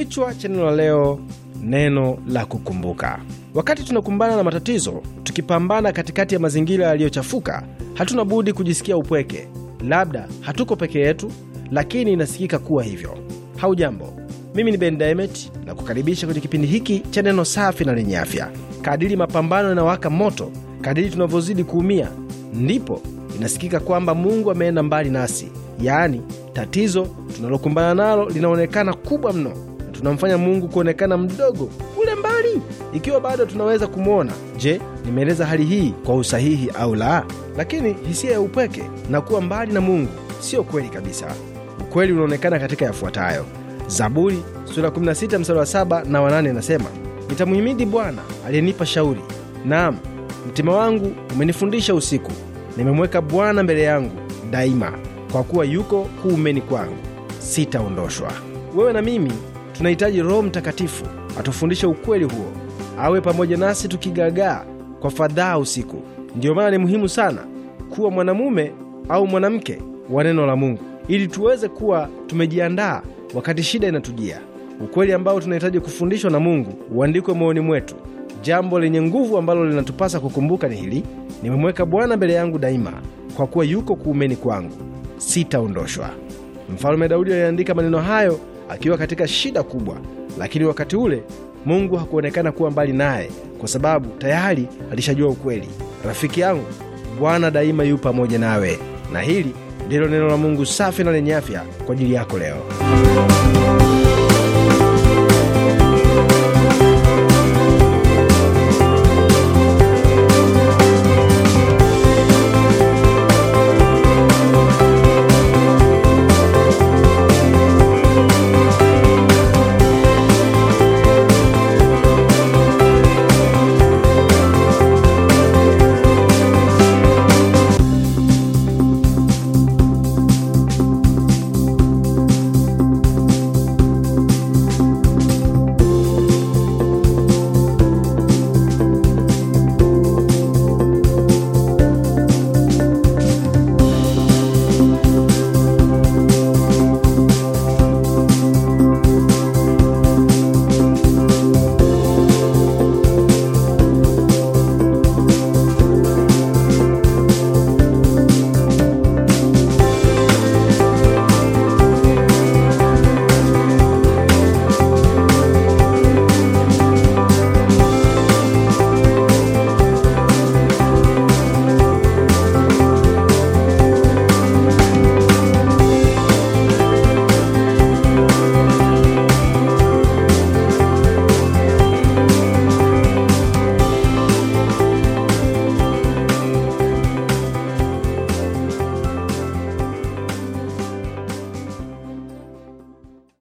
Kichwa cha neno la leo, neno la kukumbuka. Wakati tunakumbana na matatizo, tukipambana katikati ya mazingira yaliyochafuka, hatuna budi kujisikia upweke. Labda hatuko peke yetu, lakini inasikika kuwa hivyo. hau jambo mimi ni Ben Daimet na kukaribisha kwenye kipindi hiki cha neno safi na lenye afya. Kadiri mapambano yanawaka moto, kadiri tunavyozidi kuumia, ndipo inasikika kwamba Mungu ameenda mbali nasi, yaani tatizo tunalokumbana nalo linaonekana kubwa mno tunamfanya Mungu kuonekana mdogo kule mbali, ikiwa bado tunaweza kumwona. Je, nimeeleza hali hii kwa usahihi au la? Lakini hisia ya upweke na kuwa mbali na Mungu siyo kweli kabisa. Ukweli unaonekana katika yafuatayo. Zaburi sura 16 mstari wa 7 na 8 inasema, nitamhimidi Bwana aliyenipa shauri, naam mtima wangu umenifundisha usiku. Nimemweka Bwana mbele yangu daima, kwa kuwa yuko kuumeni kwangu, sitaondoshwa. Wewe na mimi tunahitaji Roho Mtakatifu atufundishe ukweli huo, awe pamoja nasi tukigagaa kwa fadhaa usiku. Ndiyo maana ni muhimu sana kuwa mwanamume au mwanamke wa neno la Mungu ili tuweze kuwa tumejiandaa wakati shida inatujia. Ukweli ambao tunahitaji kufundishwa na Mungu uandikwe moyoni mwetu. Jambo lenye nguvu ambalo linatupasa kukumbuka ni hili: nimemweka Bwana mbele yangu daima, kwa kuwa yuko kuumeni kwangu, sitaondoshwa. mfalume Daudi aliandika maneno hayo akiwa katika shida kubwa, lakini wakati ule Mungu hakuonekana kuwa mbali naye, kwa sababu tayari alishajua ukweli. Rafiki yangu, Bwana daima yu pamoja nawe, na hili ndilo neno la Mungu safi na lenye afya kwa ajili yako leo.